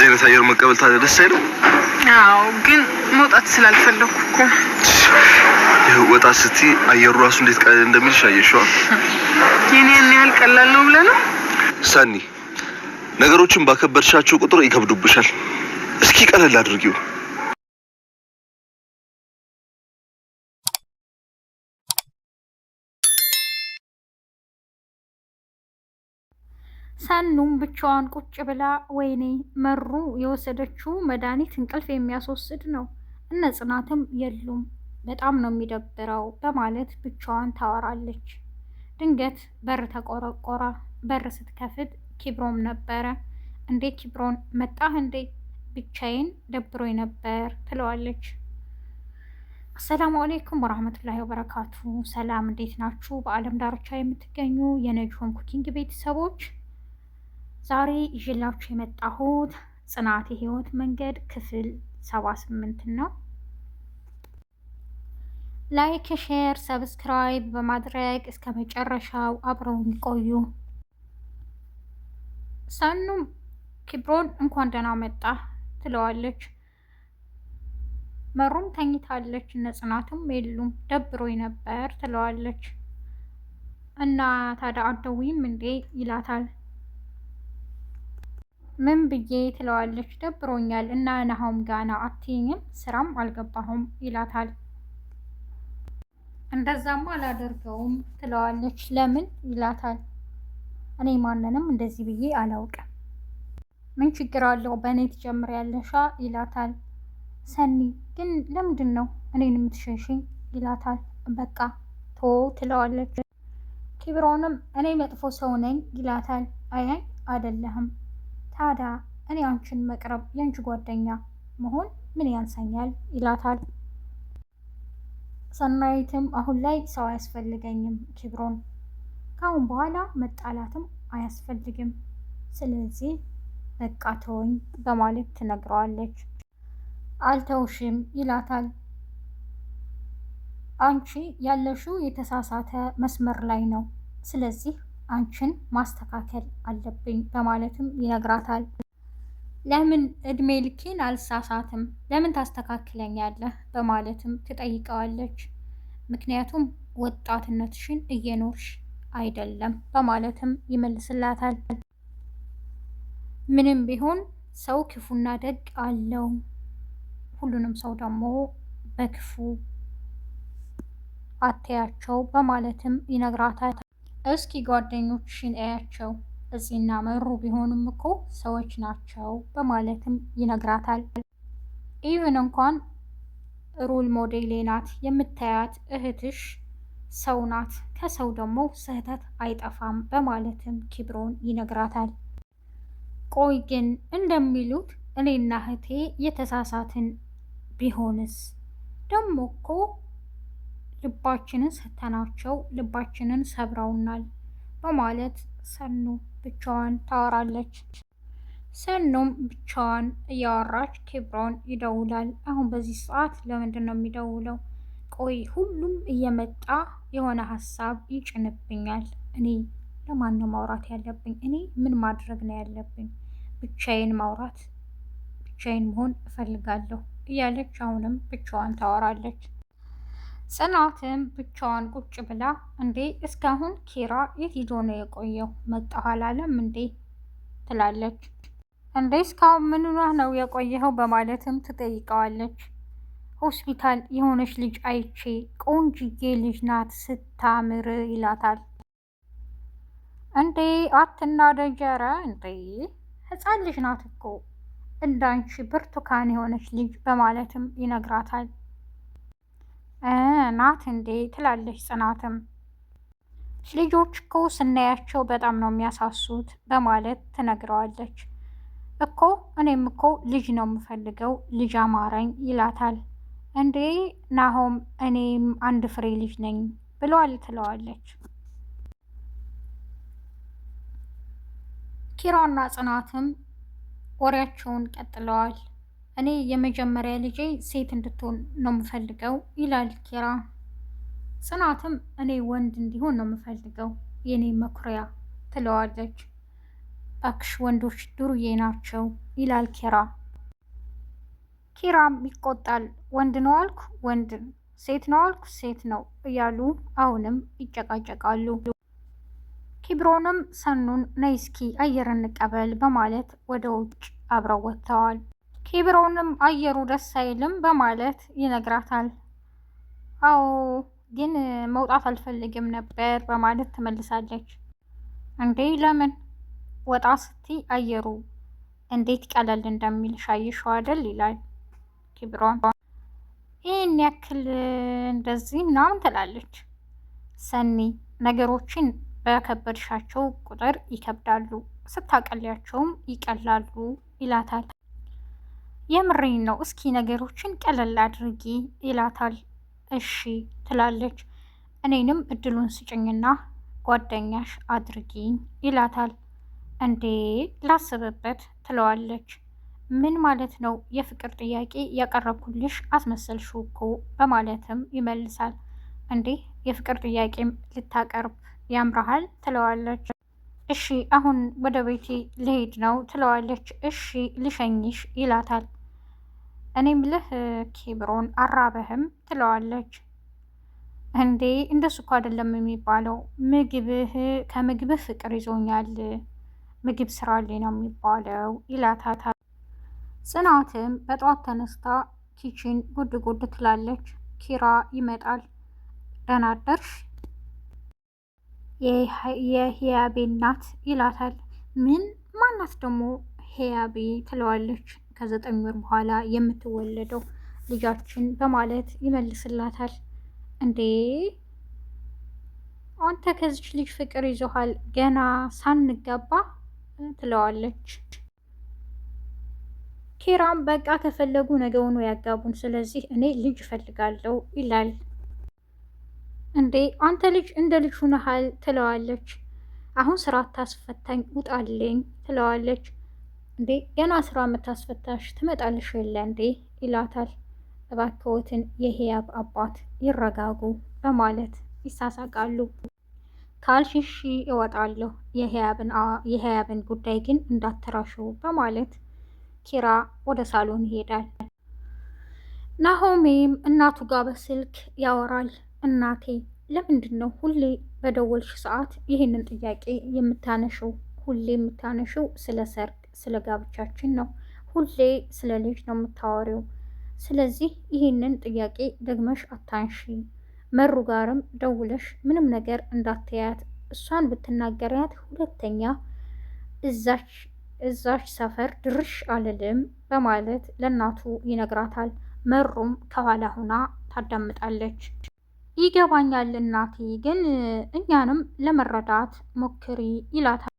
እንደዚህ አይነት አየር መቀበል ታዲያ ደስ አይልም? አዎ፣ ግን መውጣት ስላልፈለኩ እኮ ይኸው። ወጣ ስትይ አየሩ ራሱ እንዴት ቀለል እንደሚልሽ አየሽዋ። የኔ ያን ያህል ቀላል ነው ብለህ ነው ሰኒ? ነገሮችን ባከበድሻቸው ቁጥር ይከብዱብሻል። እስኪ ቀለል አድርጊው። ሰኑም ብቻዋን ቁጭ ብላ ወይኔ መሩ የወሰደችው መድኃኒት እንቅልፍ የሚያስወስድ ነው፣ እነ ጽናትም የሉም፣ በጣም ነው የሚደብረው በማለት ብቻዋን ታወራለች። ድንገት በር ተቆረቆረ። በር ስትከፍት ኪብሮም ነበረ። እንዴ ኪብሮን መጣህ እንዴ? ብቻዬን ደብሮኝ ነበር ትለዋለች። አሰላሙ አሌይኩም ወራህመቱላሂ ወበረካቱ። ሰላም እንዴት ናችሁ? በአለም ዳርቻ የምትገኙ የነጅሆም ኩኪንግ ቤተሰቦች ዛሬ ይዤላችሁ የመጣሁት ጽናት የህይወት መንገድ ክፍል ሰባ ስምንት ነው። ላይክ፣ ሼር፣ ሰብስክራይብ በማድረግ እስከ መጨረሻው አብረውን ይቆዩ። ሰኑም ኪብሮን እንኳን ደህና መጣ ትለዋለች። መሩም ተኝታለች፣ እነ ጽናትም የሉም ደብሮኝ ነበር ትለዋለች። እና ታዲያ አትደውይም እንዴ ይላታል። ምን ብዬ ትለዋለች። ደብሮኛል እና ናሆም ጋና አትይኝም፣ ስራም አልገባሁም ይላታል። እንደዛም አላደርገውም ትለዋለች። ለምን ይላታል። እኔ ማንንም እንደዚህ ብዬ አላውቅም። ምን ችግር አለው በእኔ ትጀምሪያለሻ ይላታል። ሰኒ ግን ለምንድን ነው እኔን የምትሸሽኝ ይላታል። በቃ ቶ ትለዋለች። ኪብሮንም እኔ መጥፎ ሰው ነኝ ይላታል። አያኝ አይደለህም ታዲያ እኔ አንቺን መቅረብ የአንቺ ጓደኛ መሆን ምን ያንሰኛል? ይላታል። ሰናይትም አሁን ላይ ሰው አያስፈልገኝም ኪብሮን፣ ከአሁን በኋላ መጣላትም አያስፈልግም፣ ስለዚህ በቃ ተወኝ በማለት ትነግረዋለች። አልተውሽም ይላታል። አንቺ ያለሽው የተሳሳተ መስመር ላይ ነው፣ ስለዚህ አንቺን ማስተካከል አለብኝ በማለትም ይነግራታል። ለምን እድሜ ልኬን አልሳሳትም? ለምን ታስተካክለኛለህ? በማለትም ትጠይቀዋለች። ምክንያቱም ወጣትነትሽን እየኖርሽ አይደለም በማለትም ይመልስላታል። ምንም ቢሆን ሰው ክፉና ደግ አለው። ሁሉንም ሰው ደግሞ በክፉ አተያቸው በማለትም ይነግራታል። እስኪ ጓደኞችሽን እያቸው እዚህና መሩ ቢሆንም እኮ ሰዎች ናቸው በማለትም ይነግራታል። ኢቭን እንኳን ሩል ሞዴሌ ናት የምታያት እህትሽ ሰው ናት፣ ከሰው ደግሞ ስህተት አይጠፋም በማለትም ኪብሮን ይነግራታል። ቆይ ግን እንደሚሉት እኔና እህቴ የተሳሳትን ቢሆንስ ደግሞ እኮ ልባችንን ሰተናቸው ልባችንን ሰብረውናል በማለት ሰኑ ብቻዋን ታወራለች። ሰኑም ብቻዋን እያወራች ኬብሮን ይደውላል። አሁን በዚህ ሰዓት ለምንድን ነው የሚደውለው? ቆይ ሁሉም እየመጣ የሆነ ሀሳብ ይጭንብኛል። እኔ ለማን ነው ማውራት ያለብኝ? እኔ ምን ማድረግ ነው ያለብኝ? ብቻዬን ማውራት ብቻዬን መሆን እፈልጋለሁ እያለች አሁንም ብቻዋን ታወራለች። ጽናትም ብቻዋን ቁጭ ብላ እንዴ እስካሁን ኪራ የት ሂዶ ነው የቆየው? መጣህ አላለም እንዴ ትላለች። እንዴ እስካሁን ምንኗ ነው የቆየኸው? በማለትም ትጠይቀዋለች። ሆስፒታል የሆነች ልጅ አይቼ ቆንጅዬ ልጅ ናት ስታምር ይላታል። እንዴ አትና ደጀረ እንዴ ህፃን ልጅ ናት እኮ እንዳንቺ ብርቱካን የሆነች ልጅ በማለትም ይነግራታል። ናት እንዴ ትላለች ጽናትም ልጆች እኮ ስናያቸው በጣም ነው የሚያሳሱት በማለት ትነግረዋለች። እኮ እኔም እኮ ልጅ ነው የምፈልገው ልጅ አማረኝ ይላታል። እንዴ ናሆም እኔም አንድ ፍሬ ልጅ ነኝ ብለዋል ትለዋለች። ኪራና ጽናትም ወሬያቸውን ቀጥለዋል። እኔ የመጀመሪያ ልጄ ሴት እንድትሆን ነው የምፈልገው ይላል ኪራ። ጽናትም እኔ ወንድ እንዲሆን ነው የምፈልገው የኔ መኩሪያ ትለዋለች። አክሽ ወንዶች ዱርዬ ናቸው ይላል ኪራ። ኪራም ይቆጣል። ወንድ ነው አልኩ ወንድ፣ ሴት ነው አልኩ ሴት ነው እያሉ አሁንም ይጨቃጨቃሉ። ኪብሮንም ሰኑን ነይስኪ አየር እንቀበል በማለት ወደ ውጭ አብረው ወጥተዋል። ኪብሮንም አየሩ ደስ አይልም በማለት ይነግራታል። አዎ ግን መውጣት አልፈልግም ነበር በማለት ትመልሳለች። እንዴ ለምን ወጣ ስቲ አየሩ እንዴት ቀለል እንደሚል ሻይሸው አይደል ይላል ኪብሮን። ይህን ያክል እንደዚህ ምናምን ትላለች ሰኒ። ነገሮችን በከበድሻቸው ቁጥር ይከብዳሉ፣ ስታቀልያቸውም ይቀላሉ ይላታል። የምሬን ነው እስኪ ነገሮችን ቀለል አድርጊ ይላታል። እሺ ትላለች። እኔንም እድሉን ስጭኝና ጓደኛሽ አድርጊኝ ይላታል። እንዴ ላስብበት ትለዋለች። ምን ማለት ነው የፍቅር ጥያቄ ያቀረብኩልሽ አስመሰልሽው እኮ በማለትም ይመልሳል። እንዴ የፍቅር ጥያቄም ልታቀርብ ያምረሃል ትለዋለች። እሺ አሁን ወደ ቤቴ ልሄድ ነው ትለዋለች። እሺ ልሸኝሽ ይላታል። እኔ ምልህ ኬብሮን አራበህም ትለዋለች። እንዴ እንደሱ እኮ አይደለም የሚባለው። ምግብህ ከምግብህ ፍቅር ይዞኛል፣ ምግብ ስራልኝ ነው የሚባለው ይላታታ ጽናትም በጠዋት ተነስታ ኪችን ጉድ ጉድ ትላለች። ኪራ ይመጣል። ደህና አደርሽ የህያቤ እናት ይላታል። ምን ማናት ደግሞ ህያቤ ትለዋለች። ከዘጠኝ ወር በኋላ የምትወለደው ልጃችን በማለት ይመልስላታል። እንዴ አንተ ከዚች ልጅ ፍቅር ይዞሃል ገና ሳንጋባ ትለዋለች። ኪራም በቃ ከፈለጉ ነገውኑ ያጋቡን፣ ስለዚህ እኔ ልጅ እፈልጋለሁ ይላል። እንዴ አንተ ልጅ እንደ ልጅ ሁነሃል ትለዋለች። አሁን ስራ አታስፈታኝ ውጣልኝ ትለዋለች። እንዴ ገና ስራ የምታስፈታሽ ትመጣልሽ የለ እንዴ ይላታል። እባክዎትን የህያብ አባት ይረጋጉ በማለት ይሳሳቃሉ። ካልሽሺ እወጣለሁ፣ የህያብን ጉዳይ ግን እንዳተራሹ በማለት ኪራ ወደ ሳሎን ይሄዳል። ናሆሜም እናቱ ጋር በስልክ ያወራል። እናቴ ለምንድን ነው ሁሌ በደወልሽ ሰዓት ይህንን ጥያቄ የምታነሽው? ሁሌ የምታነሽው ስለ ሰርግ ስለ ጋብቻችን ነው፣ ሁሌ ስለ ልጅ ነው የምታወሪው። ስለዚህ ይህንን ጥያቄ ደግመሽ አታንሺ። መሩ ጋርም ደውለሽ ምንም ነገር እንዳትያያት፣ እሷን ብትናገሪያት ሁለተኛ እዛች እዛች ሰፈር ድርሽ አልልም በማለት ለእናቱ ይነግራታል። መሩም ከኋላ ሁና ታዳምጣለች። ይገባኛል እናቴ፣ ግን እኛንም ለመረዳት ሞክሪ ይላታል።